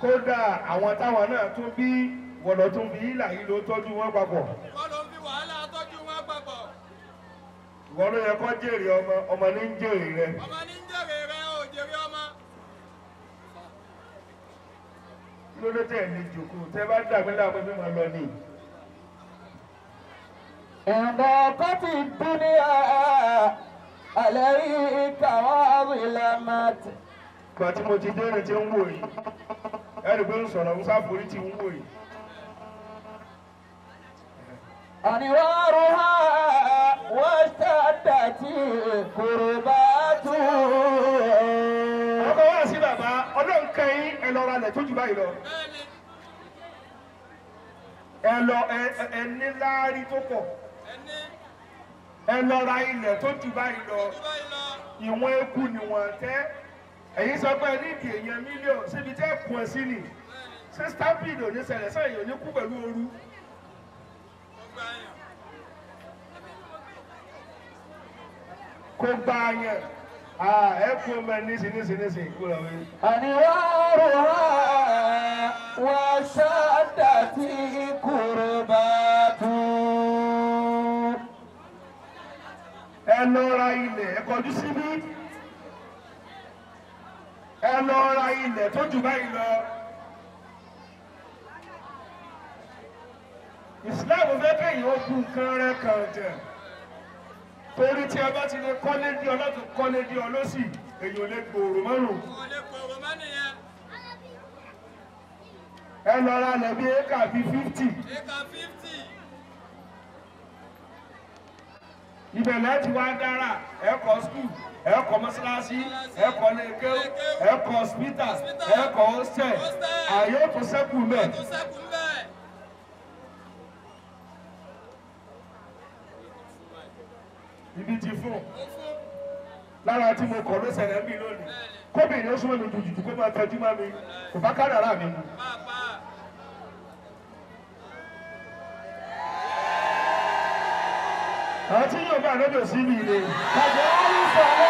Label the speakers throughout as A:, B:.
A: kódà àwọn táwọn náà tún bí wọ̀lọ̀ tún bí ìlà yìí ló tọ́jú wọn papọ̀. wọ́n ló ń fi wàhálà tọ́jú wọn papọ̀. ìwọ ló yẹ kó jèrè ọmọ ọmọ ní ń jèrè rẹ. ọmọ ní ń jèrè rẹ ò jèrè ọmọ. kí ló dé tẹ̀ ní jòkó tẹ́ bá dàgbé láàbẹ̀ mi lọ ni. ẹ̀dá kọ́tì dúníà àlẹ́ yìí kàwá àrùn ìlànà. ìgbà tí mo ti dé rẹ̀ ti ń wò yìí ẹ̀rù pé ń sọ̀rọ̀ ń sáforí tí ń wò yìí.
B: àníwárò ha
A: wọ́n ṣàdá tí kòrò bá tù. ọkọ wá sí bàbá ọlọ́run kẹ́yìn ẹ lọ ra lẹ̀ tó jù báyìí lọ. ẹ lọ ẹ ní láárí tó pọ̀ ẹ lọ ra ilẹ̀ tó jù báyìí lọ ìwọ̀n eku nìwọ̀n tẹ́ ẹ̀yin sọ pé níìdì èèyàn mílíọ̀nù síbi tẹ́ kù ẹ sí ni ṣé stampede ò ní ṣẹlẹ̀ sọ èèyàn ní kú pẹ̀lú ooru. kò gba àyàn ẹ kú ọmọ ẹ níṣì níṣì níṣì kú lọ wí. àníwá rò wá
B: wá ṣáàdà tí kúrò bá tú.
A: ẹ lọ ilẹ̀ ẹ kọjú síbí ẹ lọ ra ilẹ̀ tó jù báyìí lọ. ìsìláàmù fẹ́ kéyìn ó kú nǹkan rẹ kàn jẹ torí tí a bá ti lè kọ́lé dí ọ láti kọ́lé dí ọ lọ́sì èyí ò lè gbòòrò mọ́rùn. ẹ lọ ra ilẹ̀ bí éka bíi fíftì. ibẹ̀ láti wá dára ẹ̀kọ́ skul ẹ̀kọ́ mọ́ṣáláṣí ẹ̀kọ́ lẹ́kẹ́ ẹ̀kọ́ hospital ẹ̀kọ́ hostel ààyè tó sẹ́kù mẹ́. ibi ti fún lára tí mo kọ̀ ló ṣẹlẹ̀ mí lónìí kóbìnrin ó súnmọ́ mi jùjù kó máa tọ́jú mọ́ mi kò bá kádàrá mi mu. àwọn tí yóò bá àdójọ sí mi ni. àjọ wọn ń sọ ọ́.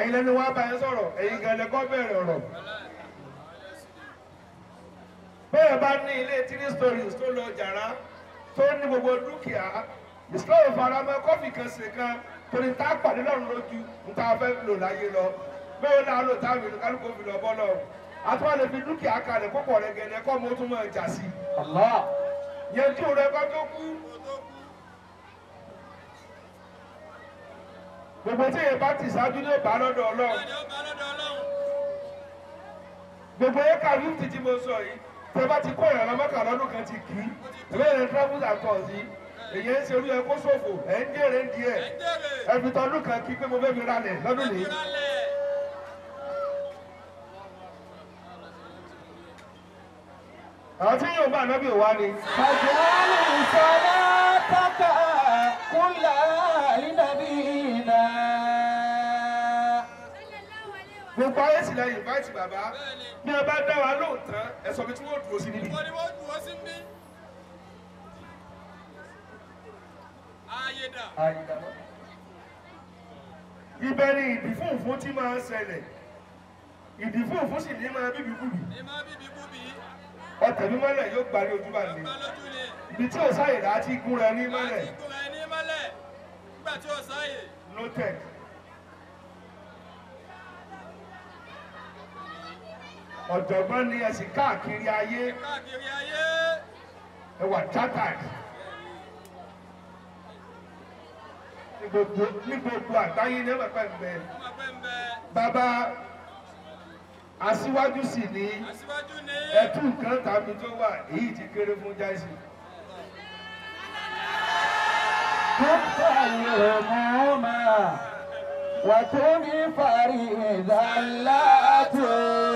A: ẹ̀yin lẹ́nu wá bá yẹn sọ̀rọ̀ ẹ̀yin gan lẹ́kọ́ bẹ̀rẹ̀ ọ̀rọ̀. bẹ́ẹ̀ bá ní ilé stories tó lọ jàrá tó ní gbogbo dúkìá ìṣòro faramọ́ kọ́fì kan ṣe kan torí tá a pàdé lọ́rùn lójú fẹ́ lò láyé lọ bẹ́ẹ̀ náà lò a mìíràn fi lọ lọ àtúwà lè fi dúkìá kalẹ̀ kó pọ̀ gbogbo tí èyí bá ti ṣáájú ní ọba lọ́dọ̀ ọlọ́run gbogbo ẹ̀ka fífi tí mo sọ yìí tí ẹ bá ti kó ìrànlọ́ mọ́kà lọ́dún kan ti kì í ẹgbẹ́ ìrìn travels and tours yìí èyí ń ṣerú ẹ kó ṣòfò ẹ ń jèrè ń díẹ̀ ẹbí tọdún kan kí pé mo fẹ́ fi ralẹ̀ lọ́dún nìyí. àwọn tí yóò bá ànábì wá ni. àjọ àlùfáà látàkà. gbogbo ayé sì lẹ́yìn báyìí bàbá bí ẹ bá dá wa lóòótọ́ ẹ sọ pé tí wọ́n dúró sí níbí. wọ́n ní wọ́n dúró sí níbí. ayédà. ayédà mọ́. ibẹ̀ ni ìdí fúnfún tí máa ń ṣẹlẹ̀ ìdí fúnfún sì ní máa bíbí kúbi. ní máa bíbí kúbi. ọ̀tẹ̀ mi mọ́lẹ̀ yóò gbalẹ̀ ojú bá mi. ibi tí ò sáyè láti gúnra ní mọ́lẹ̀. láti gúnra ní mọ́lẹ̀ nígbà tí ò sáyè. noted. ọ̀jọ̀gbọ́n ni ẹ sì káàkiri ayé ẹ wà chartered ní gbogbo ní gbogbo àgbáyé ní ọmọ pẹ́ńpẹ́ bàbá aṣíwájú sì ní ẹtú nǹkan tàbí tó wà èyí tí kéré fún jáìsì. وتنفر إذا لا تنفر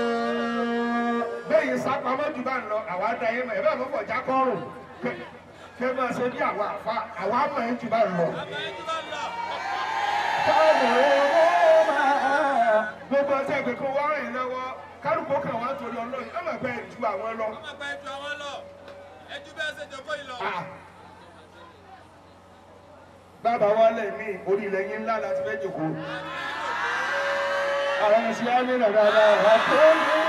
A: ìsápamọ́ jù bá ń lọ àwa da yín mọ̀ ẹ̀ bẹ́ẹ̀ mọ́fọ̀ já kọ́rùn kẹ́ máa ṣe bí àwa àfa àwa mọ̀ ẹ̀ jù bá ń lọ. káàbọ̀ owó máa gbogbo ọtí ẹgbẹ́ kó wá rìn lọ́wọ́ kálukó kan wá torí ọlọ́run ẹ mọ̀ bẹ́ẹ̀ ju àwọn lọ. ọmọ bẹ́ẹ̀ ju àwọn lọ bàbá wa lè orí ilẹ̀ yín ńlá láti fẹ́ jòkó. àwọn
B: ìṣe á ní nàdáadáa wà tó ń bọ̀.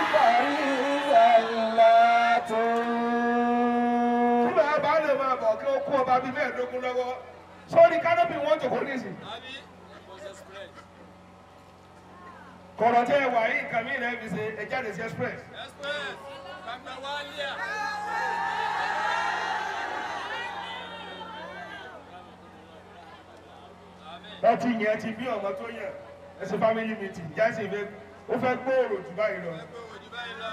A: kó ọba bíi mẹ́ẹ̀ẹ́dógún lọ́wọ́ sórí kánópì wọn jòkó nísìn. kọ̀rọ̀ tẹ́ ẹ wà yìí nǹkan mí náà fi ṣe ẹ jáde sí express. express kàgbà wálé à. láti yẹn ti bí ọmọ tó yẹ ẹ family meeting jáde ó fẹ́ gbòòrò jù báyìí ó fẹ́ gbòòrò jù báyìí lọ.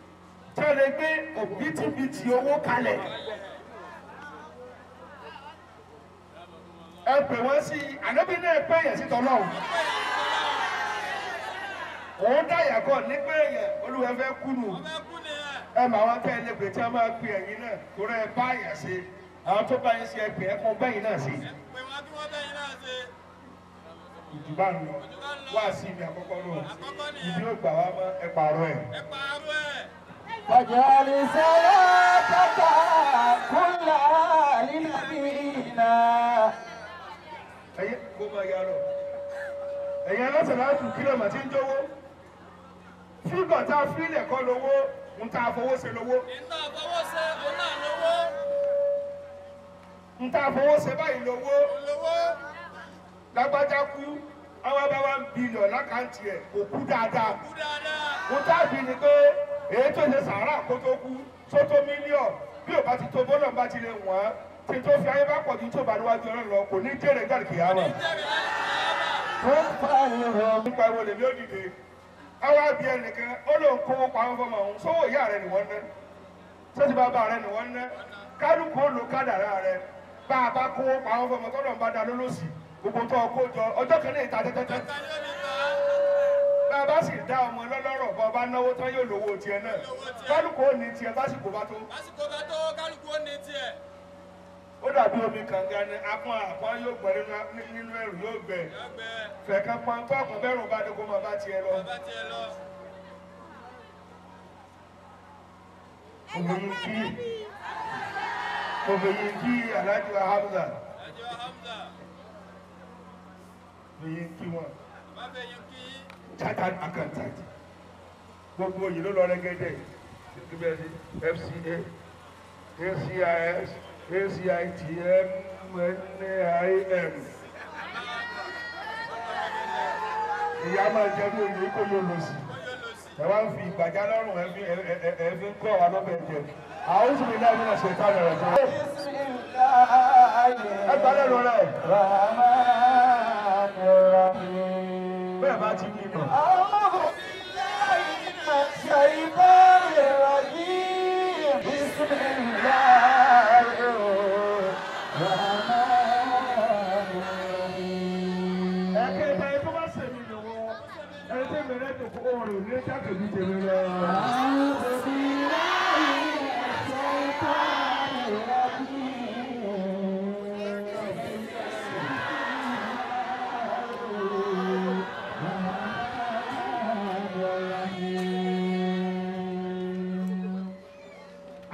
A: tó lè gbé òbítíbitì owó kalẹ̀ ẹ pè wọ́n sí ànábì náà pé èèyàn sí tọ́lọ́hùn òun dáyà kọ nígbà èèyàn olúwa fẹ́ kúrò ẹ mà wá tẹ́ ẹ lè pè tí wọ́n máa pè ẹ̀yìn náà kó rẹ̀ bá èèyàn ṣe àwọn tó bá yín ṣe ẹgbẹ́ ẹ kàn bẹ́yìn náà ṣe. ìdúbà ń lọ wá sí ibi àkọ́kọ́ lọ ìdí ó gbà wá mọ́ ẹ pààrọ̀ ẹ̀.
B: واجعل صلاتك كلها لنبينا
A: ẹ̀yin alásàlá àtúnkìlọ̀ màtí ń jówó fígọ̀ tá a fílẹ̀ kọ́ lówó ń tá a fowó ṣe lówó. ń tá a fowó
B: ṣe òun náà lówó.
A: ń tá èyí tó ṣe sàárà kó tó kú tó tó mílíọ̀ bí ò bá ti tó bọ́lọ̀ bá ti lè wọ́n tí tó fi ayé bá pọ̀ ju tí ò bá níwájú ọlọ́run lọ kò ní jèrè gàrí kìí àmọ́. nípa ìwọ lèmi ò dìde àwa bí ẹnìkan ó lóun kówó pa àwọn fọmọ òun sówó ìyá rẹ nìwọ́n ná sọ́sì bàbá rẹ nìwọ́n ná kálukú ó lo kádàrá rẹ bá a bá kówó pa àwọn fọmọ tọ́lọ̀ ń bá da lólósì gbogbo tó ọkọ̀ jọ ọjọ́ kan ní ìta tẹ́tẹ́tẹ́ bàbá sì dá ọmọ lọ́lọ́rọ̀ bàbá náwó tán yóò lówó tiẹ̀ náà kálukú ó ní tiẹ̀ básìkò bá tó. básìkò bá tó kálukú ó ní tiẹ̀. ó dàbí omi kànga ni apọ́n àpọ́n yóò gbẹ nínú ẹrù yóò gbẹ fẹ̀kẹ́ pọ́npọ́n ọkàn bẹ́rùn bá dé máa bá tiẹ̀ lọ. obìnrin kí obìnrin kí alájọ Hamza obìnrin kí wọn chartered accountant gbogbo yìí ló lọ rẹ́gẹ́dẹ́ fca acis acitm nim ìyá máa jẹ ní òye kó yóò lọ sí ẹ wá ń fi ìgbàjá lọ́rùn ẹ fi ẹ fi ń kọ́ wa lọ́bẹ̀ jẹ àwọn oṣù mi náà ní ọ̀sẹ̀ tá a lọ rẹ̀ tó.
B: ẹ gbalẹ̀ lọ rẹ̀
A: bẹ́ẹ̀ bá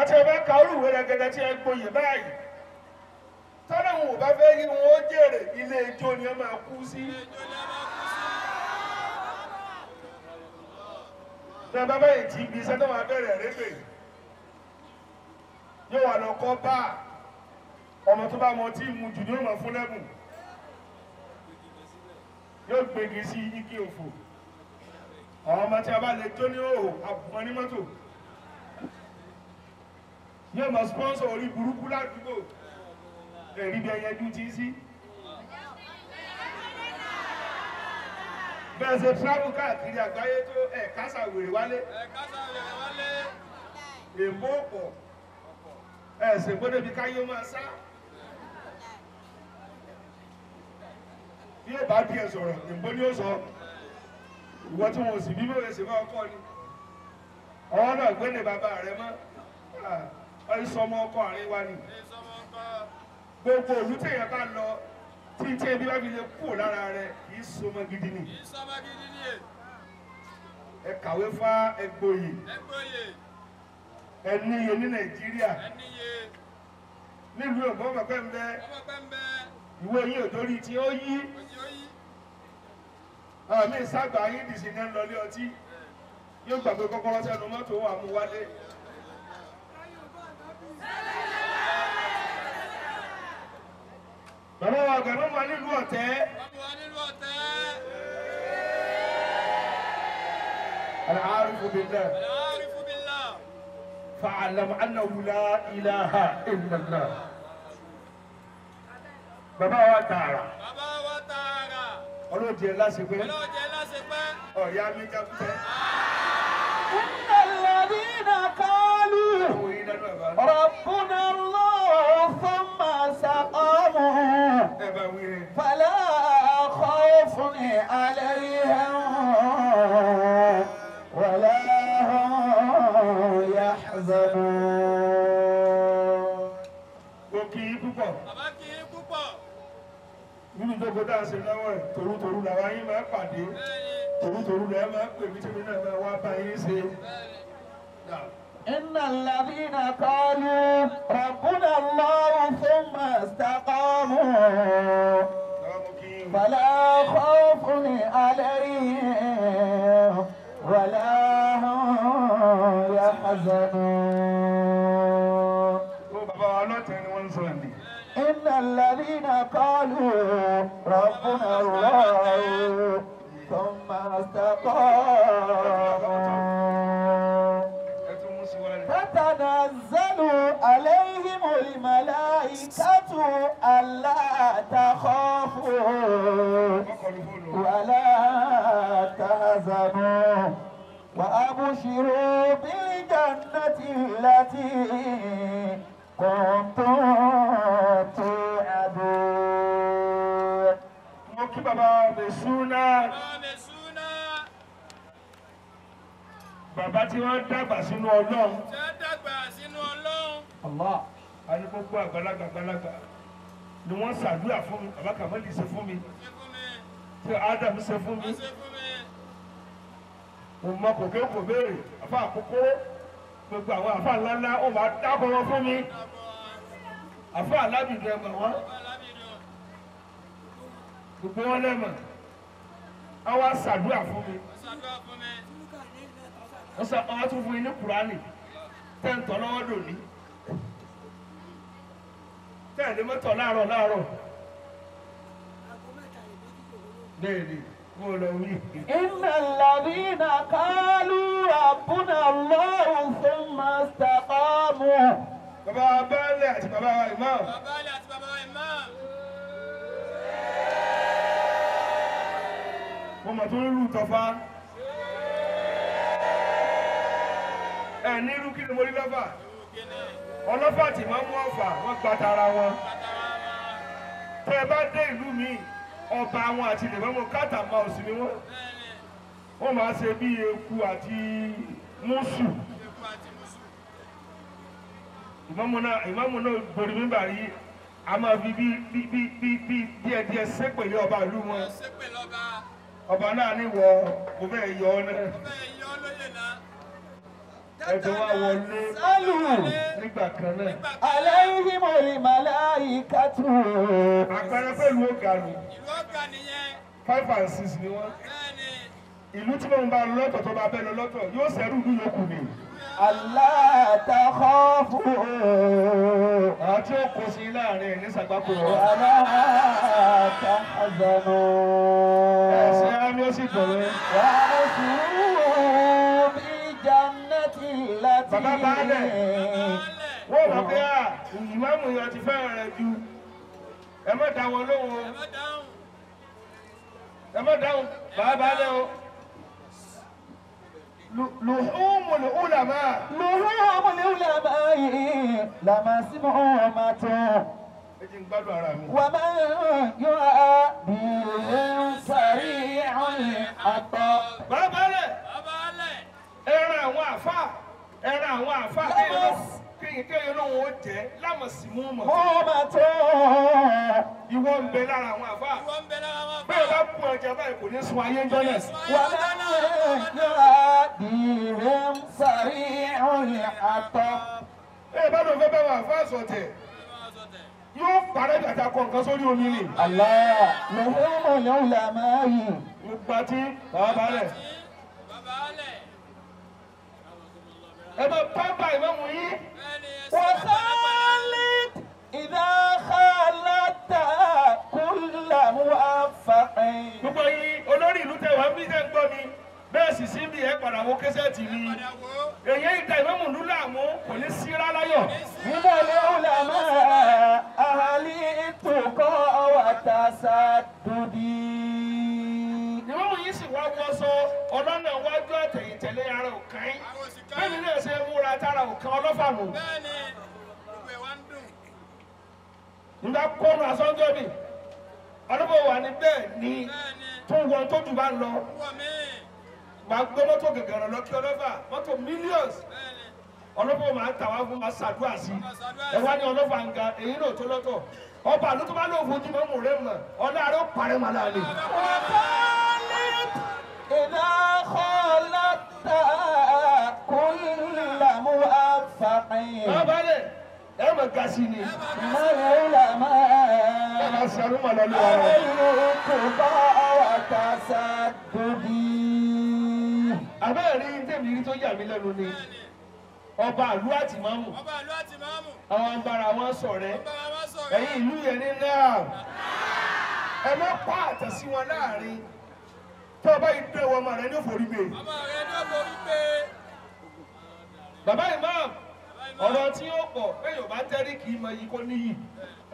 A: àwọn tí ẹ bá ka orú ìwé rẹ̀gẹ̀dẹ̀ tí ẹ gboyè báyìí tọ́lá wọn ò bá fẹ́ yí wọn ó jèrè ilé ijó ni ẹ máa kú sí. ní ọba báyìí tí ibi iṣẹ́ tó máa bẹ̀rẹ̀ rébè yóò wà lọ kọ́ bá ọmọ tó bá mọ tí mu jù ní ọmọ fún lẹ́bùn yóò gbégi sí igi òfò àwọn ọmọ tí a bá lè tó ní òhò àbùkù ní mọ́tò yóò máa sponsor orí burúkú ládùúgbò ẹ̀rí bí ẹyẹ dúdú sí. bẹ́ẹ̀ ṣe travel káàkiri àgbáyé tó ẹ̀ kásà wèrè wálé èèmọ̀ ọ̀pọ̀ ẹ̀ ṣègbọ́dọ̀ bí káyé máa sá. bí yóò bá bí ẹ sọ̀rọ̀ èèmọ̀ ni ó sọ ìwọ tí wọn ò sì bí bóyá ṣe máa kọ́ ni ọwọ́ náà gbé ní bàbá rẹ mọ́. Ah. ìsọmọ ọkọ àárín wa ni gbogbo òlú tèèyàn bá lọ tí tí ebi bá fi lè lára rẹ kì í sọmọ gidi ni e. ẹ kàwé fá ẹgbòye ẹ ní Nàìjíríà nílùú ìwé yìí òdórí tí ní ọtí yóò gbàgbé kọ́kọ́rọ́ sẹ́nu bàbá wa àgbà mọ́mọ́ nílùú ọ̀tẹ́. العارف بالله العارف بالله فاعلم انه لا اله الا الله bàbá wa tààrà bàbá wa tààrà ọlọ́jẹ lásìpé ọlọ́jẹ lásìpé ọ̀yá mi jákúté. إن الذين قالوا ربنا الله فلا
B: خوف عليهم ولا هم يحزنون
A: nínú ìjọba dáa ṣe láwọn ẹ torútorú làwa yín máa pàdé torútorú làwa máa pè mí tí mi náà máa wá bá yín ṣe.
B: إن الذين
A: قالوا ربنا الله dàgbà sínú ọlọ́run. tí dàgbà sínú ọlọ́run. Allah àní àgbàlagbà àgbàlagbà ni wọ́n ṣàdúrà fún mi bàbá kàmẹ́lì ṣe fún mi tí Adam ṣe fún mi mo mọ kò kò béèrè àfa àkókò gbogbo àwọn àfa ńláńlá ó máa dábọ̀rọ̀ fún mi àfa alábìdẹ mọ̀ wọ́n gbogbo wọn lẹ́mọ̀ àwọn ṣàdúrà fún mi wọ́n sọ ọba tó fún yín ní kúránì tẹ́ǹtọ́ lọ́wọ́ dòní tẹ́ẹ̀lé mọ́tọ̀ láàárọ̀ láàárọ̀ bẹ́ẹ̀ni mo lọ wí. iná làbínà kálú àbúnà lọ́hùn fún màsítà pàmò. bàbá abẹ́lẹ̀ àti bàbá imam. bàbá abẹ́lẹ̀ àti bàbá imam. mo mọ̀ tó ń lù tọ́fà. ẹni irú kí ni mo rí lọ́fà ọlọ́fà tí máa mú ọ̀fà wọ́n gba tara wọn tẹ́ ẹ bá dé ìlú mi ọba wọn àti ìlẹ̀mọ́mọ́ káàtà máa ò sí ni wọ́n wọ́n máa ṣe bí eku àti mùsù ìmọ̀mù náà ìmọ̀mù náà borí mímbà rí a máa fi bí bí bí bí bí díẹ̀ díẹ̀ ṣépè lé ọba ìlú wọn ọba náà ní wọ mo fẹ́ yọ ọ náà ẹ̀dùn wa ìlú tí mo bá lọ́tọ̀ tó bá bẹ́ẹ̀ lọ lọ́tọ̀ yóò ṣẹ́rù ìlú yòókù ni. aláàtàkọ́fù. àti òkú sí láàrin ní sàgbákò rẹ. aláàtàkọ́fù. ẹ̀sìn àmì ó sì bọ̀ wàá lọ bàbá baálẹ̀ wọ́n wọ́n pé à ah, ìmáàmù yẹn ti fẹ́ràn rẹ̀ ju ẹ má dá wọn lóhùn ẹ má dáhùn bàbá baálẹ̀ o. لحوم العلماء لحوم العلماء لمسمومة ومن يؤدي سريع الخطأ bàbá lẹ̀ ẹran àwọn àfáà ẹran àwọn àfáà kéèyàn kéèyàn náà wọ́n jẹ́ lámọ̀sí mú mọ̀. wọ́n máa tẹ́ ìwọ ń bẹ lára àwọn àfáà bẹ́ẹ̀ bá kú ọjà báyìí kò ní sun ayé jọ́nà. wà á náà dìré ń sàrí òyìn àtọ́. bẹ́ẹ̀ bá lọ fẹ́ bá wà àfáà sọ̀tẹ̀ yóò parẹ́ dàda kọ nǹkan sórí omi ni. àlá lọ́wọ́ mọ̀ ní ọ̀la máa yù. ìgbà tí bàbá rẹ̀. ẹ máa bá bá ìmáàmù yín. wọ́sálí ìdáhàlátà kúlàmù àfàìn. gbogbo yìí olórí ìlú tẹ̀ wá bí tẹ̀ ń gbọ́ mi bẹ́ẹ̀ sì sí bí ẹ padà wo kẹsẹ̀tì mi èyí ìta ìmọ̀mù lúlà mú kò ní sí wá wọ́sọ ọlọ́nà wájú àtẹ̀yìn tẹ̀lé ara òkàn yín bẹ́ẹ̀ni náà ṣe múra tára òkàn ọlọ́fà bẹ́ẹ̀ni gbogbo ẹ̀ ń dùn. nígbà kọ́nu asọ́jọ́ mi wà ní bẹ́ẹ̀ ni tó wọ tó jù bá ń lọ. wàá gbé mọ́tò gẹ̀gẹ̀rẹ̀ lọ kí ọlọ́fà mọ́tò millions ọlọ́pàá máa ń tà wá fún wa ṣàdúrà sí ẹ wá ní ọlọ́pàá ń ga èyí náà tó lọ́tọ̀ ọba àlùkò bá lóun fojú mọ́mù rẹ̀ mọ̀ ọlọ́run gasi ni. Mọ̀lẹ́lá máa. Bàbá Sẹ́rú mọ̀ lọ́lọ́ wa. Àbẹ̀lẹ̀ kò bá wa ta sa dòdì. Àbẹ́rẹ́ tèmi rí tó yà mí lẹ́nu ni. Ọba àlú àti máàmù. Ọba àlú àti máàmù. Àwọn agbára wọn ṣọ̀rẹ́. Ẹ̀yin ìlú yẹn ní náà. Ẹ má pa àtẹ̀ sí wọn láàrin. Tó o bá yìí dúró ọmọ rẹ ní òfòrí gbé. Ọmọ rẹ ní òfòrí gbé. Bàbá ìmáàmù ọ̀rọ̀ tí ó pọ̀ pé yorùbá tẹ́rí kì í mọ iyì kó níyì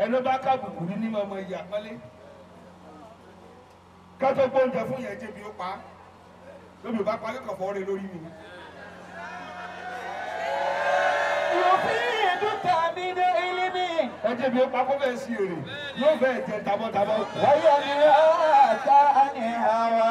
A: ẹnu bá kábùkù ní ní mọ iyì àpọ́nlé kátó gbóúnjẹ fún yẹn jẹ́bi ó pa lóbi ò bá parí kọ̀fọ́ rẹ lórí mi. ẹjẹ mi pa kó bẹ́ẹ̀ sí èrè yóò bẹ́ẹ̀ jẹ tabọ́tabọ́. wáyé mi rà á ta á ní àwa.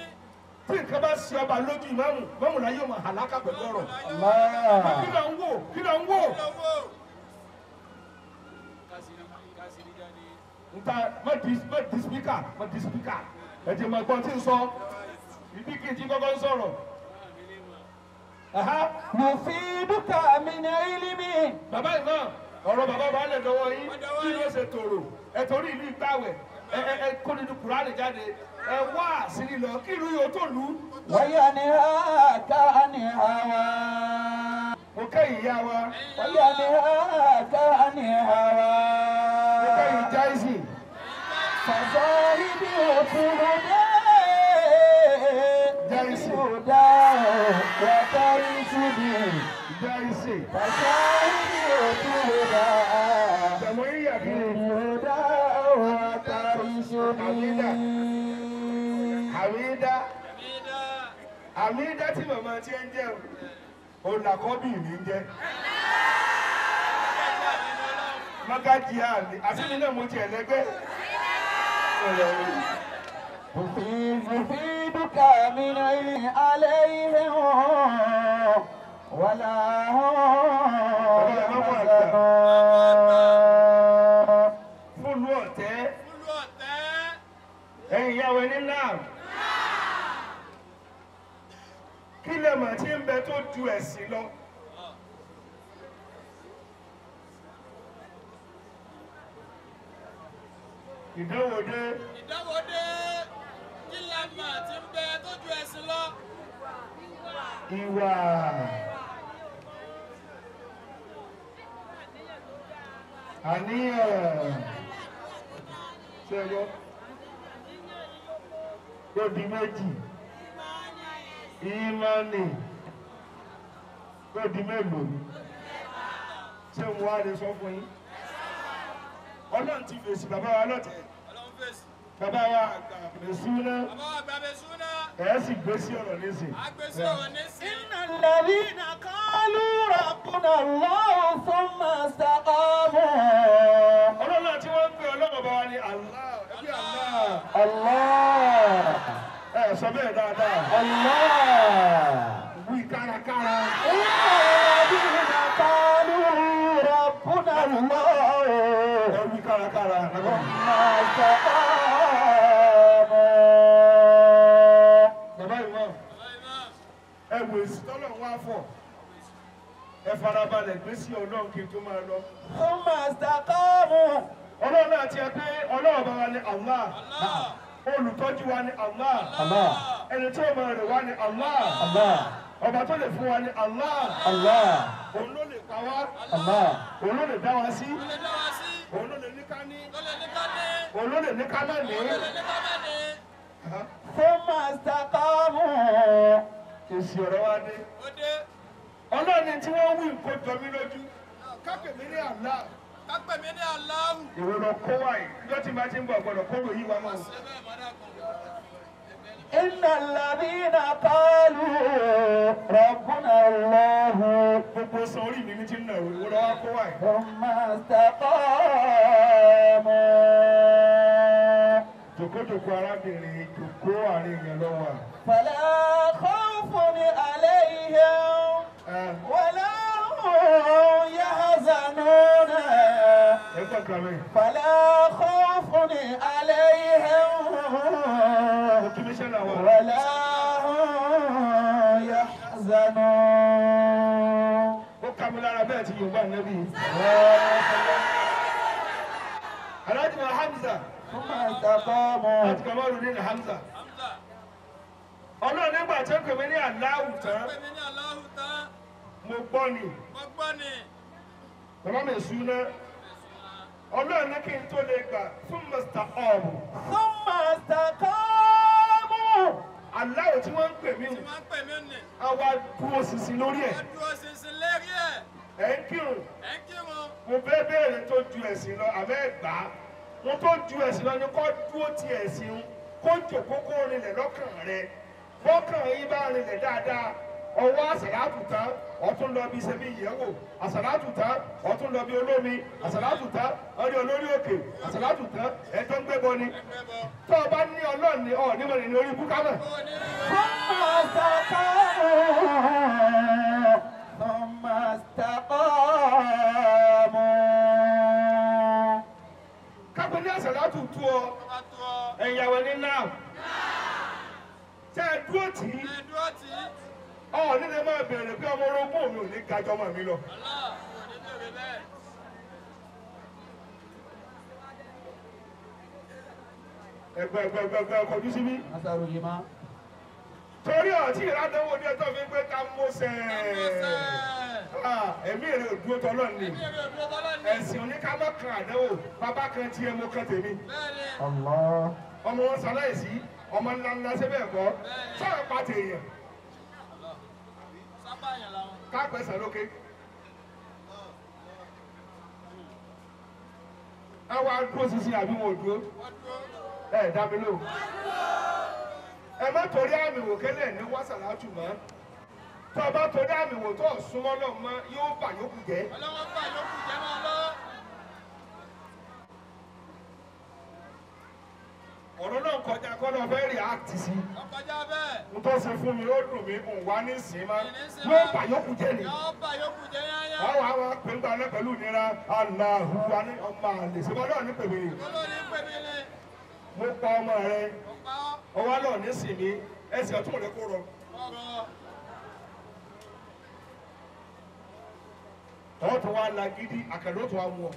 A: tí nǹkan bá ṣe ọba lójú ìmáàmù ìmáàmù láyé ọmọ àlákà pẹ̀lú ọ̀rọ̀ kí ló ń wò kí ló ń wò. nta má di má di spika má di spika ẹ̀jẹ̀ máa gbọ́n tí ń sọ ìdí kejì kọ́kọ́ ń sọ̀rọ̀. mo fi dúkà mi ní ilimi. bàbá yìí náà ọ̀rọ̀ bàbá bá lẹ̀ lọ́wọ́ yín kí ló ṣe tòrò ẹ̀ torí ìlú ìgbàwẹ̀ ẹ̀ ẹ̀ kó nínú kùránì jáde ẹ wá àṣírí lọ kí ìlú yóò tó lù. wáyà ni a ká a ní a wá. mo kẹ́ ìyá wa. wáyà ni a ká a ní a wá. mo kẹ́ ìjà ìsìn. fàṣọ ibi òkú ló dé. Jaisi. Udao,
B: watari sudi. Jaisi. Pasari otuda. Jamuia kini. Udao,
A: watari sudi. Amina. àmì dátì màmá tí ń jẹ́ olùdàkọ́bì mi ń jẹ́ mọ́gájì àmì àsìkò náà mo tiẹ̀ lẹ́gbẹ́.
B: يصيبك من عليهم ولا هم Fúlù ọ̀tẹ́.
A: Ẹ̀yin ìyàwó ẹni náà. kí lè mà tí ń bẹ tó ju ẹ̀sìn lọ. ìdánwò dé. ìdánwò dé kí lè mà tí ń bẹ tó ju ẹ̀sìn lọ.
B: ìwà. àníyàn.
A: ṣé ẹ gbọ́? ó méjì ìmánì pé di mélòó ṣé ń wá sọ fún yín ọlọ́run ti fèsì bàbá wa lọ́tẹ̀ bàbá wa àgbàbẹ̀súná ẹ̀ sì gbé sí ọ̀rọ̀ nísìn.
B: innal ladhina qalu
A: rabbuna Allahu thumma istaqamu. ọlọ́run tí wọ́n ń pè ọlọ́run bá wa ní
B: Allah. Allah sọ bẹ́ẹ̀ dáadáa. wí kárakára. ìlànà kánú rabbuna lọ. ẹ wí kárakára. màṣẹ ọmọ. bàbá ìmọ̀ ẹ wò èsì tọ́lọ̀ wá fọ̀
A: ẹ farabalẹ̀ gbé sí ọlọ́run kí n tó máa lọ. ó máa ṣàkóso. ọlọ́run àti ẹgbẹ́ ọlọ́run bá wà ní Allah olùtọ́jú wa ni Allah ẹni tí ó máa rè wa ni Allah ọba tó lè fún wa ni Allah òun ló lè pa wá òun ló lè dá wa sí òun ló lè ní ká ní òun ló lè ní ká má ní. fúnmà sàkámù èsì ọ̀rọ̀ wa dé ọlọ́ọ̀ni tí wọ́n wí nǹkan jọ mí lójú kápẹ̀ mi ní Allah kápẹ́ mi ní aláwù. ìwé lọ kó wáyé yóò ti máa ti ń bọ̀ gbọ́dọ̀ kó ròyìn wa mọ́. Inna ladina qalu rabbuna Allah. Gbogbo san orí mi ní ti ń nà ìwé lọ́wọ́ kó wáyé. Ọmọ sàkọ́ọ̀mù. Jòkójòkó arábìnrin jòkó àárín yẹn lọ́wọ́. Fala khawfun alayhim wala hum yahzanun. فلا خوف عليهم ولا يحزنون alájùmọ̀ hamza àti kamaru ní hamza ọlọ́run nígbà tó ń pèmí ní aláwù tán mo gbọ́ ni bàbá mi sùn náà ọlọ́run ní kí n tó lè gbà fún mr ọ̀rù. fún mr kọ́ọ̀mù. aláwọ̀ tí wọ́n ń pè mí. tí wọ́n ń pè mí nì. àwa dúró ṣinṣin lórí ẹ̀. a dúró ṣinṣin lórí ẹ̀. ẹ̀ ń kírun. ẹ̀ ń kírun. mo bẹ́ẹ̀ bẹ́ẹ̀ ni tó ju ẹ̀sìn lọ àbẹ́ gbà mo tó ju ẹ̀sìn lọ ni kó dúró ti ẹ̀sìn kó jòkó kó rinlẹ̀ lọ́kàn rẹ̀ bọ́kàn yín bá rinlẹ̀ dáadáa ọwọ́ àṣàlátù tán ọtún lọ bí sẹ́mi ìyẹ́wò àṣàlátù tán ọtún lọ bí olómi àṣàlátù tán ọdí olórí òkè àṣàlátù tán ẹjọ́ ń gbẹ́bọ ni tó o bá ní ọlọ́run ní ọ̀ọ́nì mọ̀lẹ́ ní orí búkà mọ̀. kápẹ́ ní àṣàlátù tú ọ ẹ̀yàwó ní náà tẹ́ ẹ dúró tì í ọ nílẹ̀ máa bẹ̀rẹ̀ pé ọmọ orogún mi ò ní ga jọmọ mi lọ. ẹgbẹ́ ẹgbẹ́ ẹgbẹ́ ẹgbẹ́ ọkọ̀ ojú sí mi. asàròyé má. torí ọtí ìrádánwò ní ẹjọ́ fi ń pé ta mọ́sẹ̀. ẹ̀mí èrè òdúró tọ́lọ́ ni ẹ̀sìn oníkámọ́ kan àdánwò bàbá kan tí ẹ mọ kan tèmi. ọmọ wọn sọ láìsí ọmọ ńlá ńlá sẹ́bẹ̀ ẹ̀kọ́ sọ̀rọ̀ pàtẹ́yìn. ká gbẹ̀sẹ̀ lókè. ẹ wá dúró sísìn àbí wọn ò dúró ẹ dá torí àmì wò kẹ́lẹ̀ ní wàsálàtù mọ́ tó torí náà bà ọ̀rọ̀ náà kọjá kọ́ lọ fẹ́ react sí. ọkọjá bẹ́ẹ̀. n tó ṣe fún mi ó dùn mí n wá ní sìn yóò bà yókù jẹ́ ni. yóò bà yókù
B: jẹ́ yáyá. àwọn
A: àwọn pèǹgbà náà pẹ̀lú ìnira aláhu wa ní ọmọ àlè ṣùgbọ́n náà ní pèmí ni. mo pa ọmọ rẹ ọwọ́ náà ní sìn mí ẹsẹ̀ ọ̀tún rẹ kó rọ. ọ̀rọ̀ tó wá la gidi àkàlò tó mú ọ